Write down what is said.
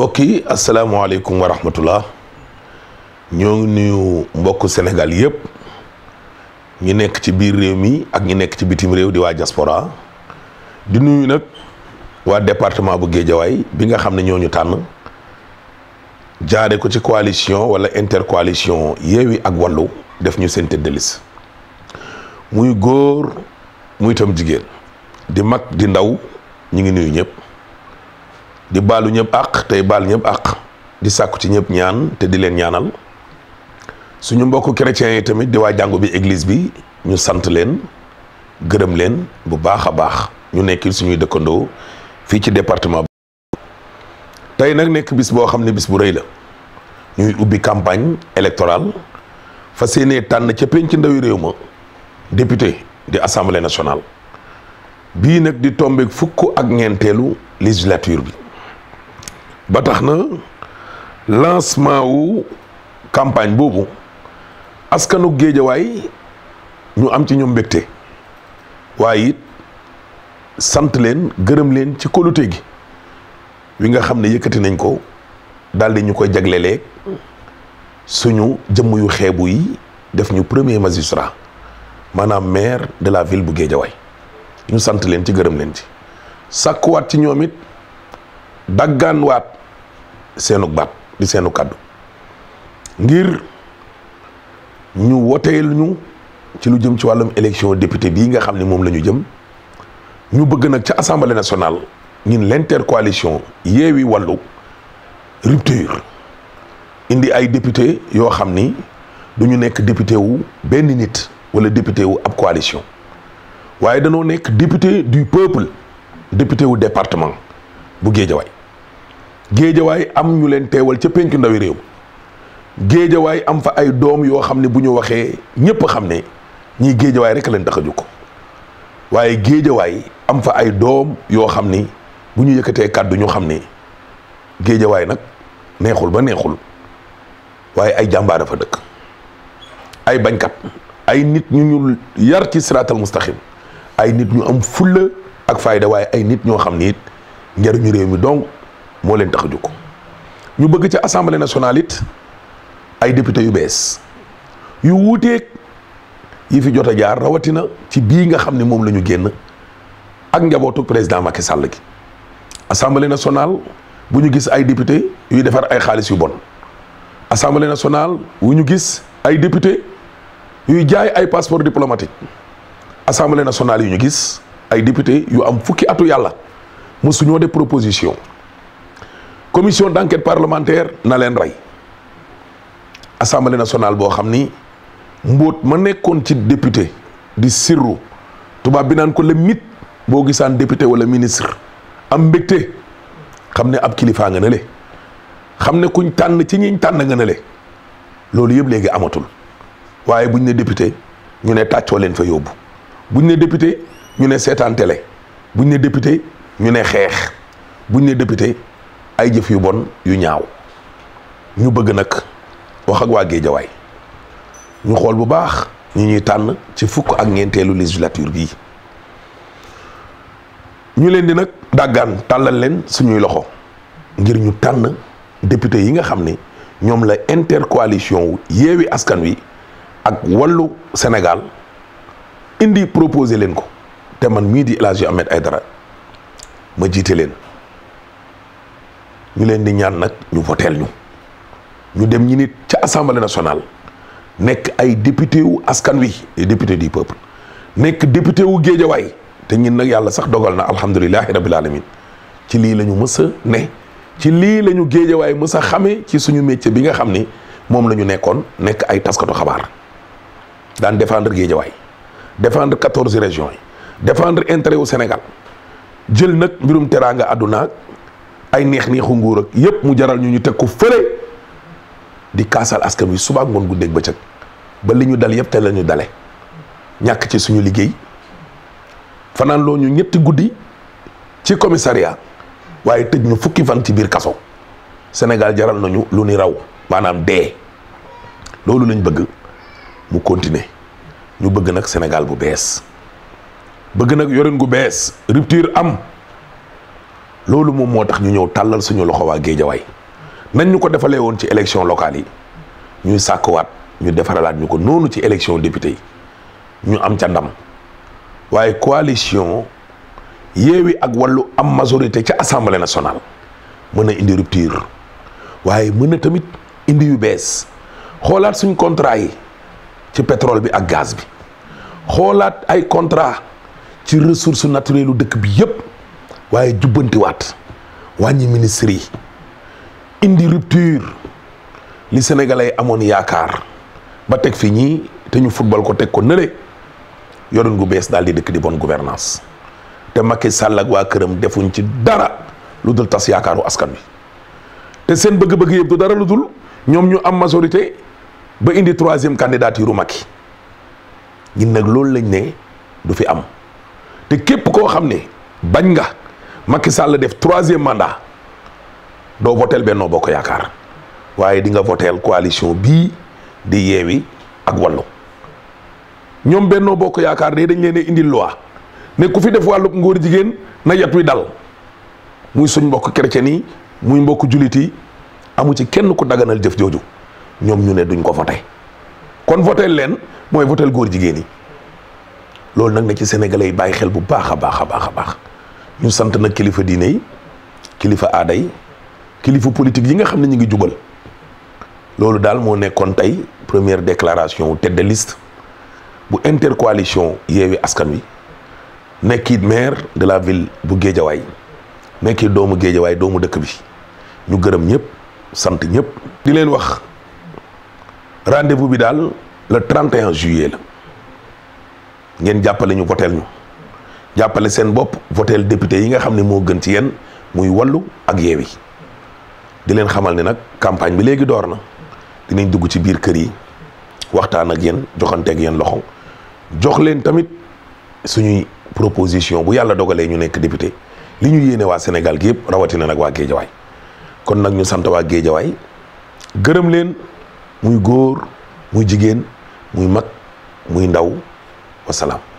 mbokk yi asalaamaaleykum wa rahmatullah ñoo ngi nuyu mbokk Sénégal yëpp ngi nekk ci biir réew mi ak ñu nekk ci bitim réew di waa jaspora di nuyu nag waa département bu Géejawaay bi nga xam ne ñooñu tànn jaare ko ci coalition wala intercoalition Yewwi ak Wallu def ñu seen tête muy góor muy tam jigéen di mag di ndaw ñu ngi nuyu ñëpp di baalu ñëpp àq tey baal ñëpp àq di sàkku ci ñëpp ñaan te di leen ñaanal suñu mbokk chrétiens yi tamit di waa jàngu bi église bi ñu sant leen gërëm leen bu baax a baax ñu nekkil suñuy dëkkandoo fii ci département tey nag nekk bis boo xam ne bis bu rëy la ñuy ubbi campagne électorale fas yéenee tànn ca ci ndawi réew ma député di assemblée nationale bii nag di tombe fukk ak ñeenteelu législature bi ba tax na lancement wu campagne boobu askanu géejawaay ñu am ci ñoom mbégte waaye it sant leen gërëm leen ci kóolute gi wi nga xam ne yëkkati nañ ko daal di ñu koy jaglelee suñu jëmm yu xeebu yi def ñu premier magistrat maanaam maire de la ville bu géejawaay ñu sant leen ci gërëm leen ci sàkkuwaat ci ñoom it daggaanwaat seenu baat di seenu kàddu ngir ñu woteel ñu ci lu jëm ci wàllum élection député bii nga xam ne moom la ñu jëm ñu bëgg nag ca assemblée nationale ñun l'intercoalition Yewwi Wallu rupture indi ay député yoo xam ni du ñu nekk député wu benn nit wala député wu ab coalition waaye danoo nekk député du peuple député wu département bu Guédiawaye géejawaay am ñu leen teewal ca penku ndawi réew géejawaay am fa ay doom yoo xam ne bu ñu waxee ñépp xam ne ñii géejawaay rek leen tax a waaye géejawaay am fa ay doom yoo xam ni bu ñu yëkkatee kàddu ñu xam ni géejawaay nag neexul ba neexul waaye ay jàmbaar fa dëkk ay bañkat ay nit ñu ñu yar ci siraatal mustaxim ay nit ñu am fulla ak fayda waaye ay nit ñoo xam ni it njariñu réew mi donc moo leen tax a jóg ñu bëgg ci assemblée national it ay député yu bees yu wuuteeg yi fi jot jaar rawatina ci bii nga xam ne moom la ñu génn ak njabootu président Macky Sall gi assemblée nationale bu ñu gis ay député yuy defar ay xaalis yu bon assemblée nationale wu ñu gis ay député yuy jaay ay passeport diplomatique assemblée nationale yu ñu gis ay député yu am fukki atu yàlla mosuñoo def proposition commission d'enquête parlementaire na leen rey assemblée nationale boo xam ni mbóot ma nekkoon ci député di sirru tubaab bi naan ko le mit boo gisaan député wala ministre am mbégte xam ne ab kilifaa nga ne xam ne kuñ tànn ci ñiñ tànn nga ne loolu yëpp léegi amatul waaye buñ ne député ñu ne tàccoo leen fa yóbbu buñ ne député ñu ne seetaan télé buñ ne député ñu ne xeex buñ ne député ay jëf yu bon yu ñaaw ñu bëgg nag wax ak waa Géejawaay ñu xool bu baax ñu ñuy tànn ci fukk ak ñeenteelu législature bii ñu leen di nag dàggaan tàllal leen suñuy loxo ngir ñu tànn député yi nga xam ni ñoom la intercoalition wu yeewi askan wi ak wàllu Sénégal indi proposé leen ko te man mii di El Hadji ay dara ma jiite leen ñu leen di ñaan nag ñu voteel ñu ñu dem ñi nit ca assemblée nationale nekk ay député wu askan wi député du peuple nekk député wu géejawaay te ñun nag yàlla sax dogal na alhamdulilahi rabil alamin ci lii la ñu mës a ne ci lii lañu ñu géejawaay mës xame ci suñu métier bi nga xam ni moom la ñu nekkoon nekk ay taskatu xabaar daan défendre géejawaay défendre quatorze régions yi défendre intérêt wu Sénégal jël nag mbirum teraanga àdduna ay neex neexu nguur ak yépp mu jaral ñu ñu teg ko fële di kaasal askan wi suba ak ngoon guddeeg bëccëg ba li ñu dal yépp te la ñu dale ñàkk ci suñu liggéey fanaan loo ñu ñetti guddi ci commissariat waaye tëj ñu fukki fan ci biir kaso Sénégal jaral nañu lu ni raw maanaam dee loolu lañ bëgg mu continuer ñu bëgg nag Sénégal bu bees bëgg nag yorin gu bees rupture am loolu moom moo tax ñu ñëw tàllal suñu loxo waa géejawaay nañ ñu ko defalee woon ci élection locale yi ñuy sàkkuwaat ñu defaralaat ñu ko noonu ci élection député yi ñu am ca ndam waaye coalition yeewi ak wallu am majorité ca assemblée nationale mën a indi rupture waaye mën na tamit indi yu bees xoolaat suñ contrat yi ci pétrole bi ak gaz bi xoolaat ay contrat ci ressource naturelle dëkk bi yépp waaye jubbantiwaat wàññi ministres yi indi rupture li sénégalais amoon yaakaar ba teg fi ñii te ñu football ko teg ko nële yoroon gu bees daal di dëkk di bonne gouvernance te Macky Sall ak waa këram defuñ ci dara lu dul tas yaakaaru askan wi te seen bëgg-bëgg yëpp du dara lu dul ñoom ñu am majorité ba indi troisième candidature Macky ñun nag loolu lañ ne du fi am te képp koo xam ne bañ nga Macky Sall def troisième mandat doo votel Benno Bokk Yaakaar waaye di nga votel coalition bii di yeewi ak wàllu ñoom Benno Bokk Yaakaar de dañ leen a indil loi ne ku fi def wàllub ngóor jigéen na yat wi dal muy suñ mbokk kerce yi muy mbokk jullit yi amu ci kenn ku daganal jëf jooju ñoom ñu ne duñ ko voté kon votel leen mooy votel góor jigéen yi loolu nag na ci sénégalais yi bàyyi xel bu baax a baax a baax a baax ñu sant nag kilifa diine yi kilifa aada yi kilifa politique yi nga xam ne ñu ngi jubal loolu daal moo nekkoon tey première déclaration tête de liste bu intercoalition Yewwi Askan Wi nekki maire de la ville bu Géejawaay nekki doomu Géejawaay doomu dëkk bi ñu gërëm ñëpp sant ñëpp. di leen wax rendez-vous bi daal le 31 juillet la ngeen jàppale ñu voteel ñu. jàppale seen bopp voteel député yi nga xam ne moo gën ci yéen muy wallu ak yeewi di leen xamal ne nag campagne bi léegi door na dinañ dugg ci biir kër yi waxtaan ak yéen joxanteeg yéen loxo jox leen tamit suñuy proposition bu yàlla dogalee ñu nekk député li ñu yéene waa Sénégal gi yëpp rawatina nag waa Géejawaay kon nag ñu sant waa Géejawaay gërëm leen muy góor muy jigéen muy mag muy ndaw wasalaam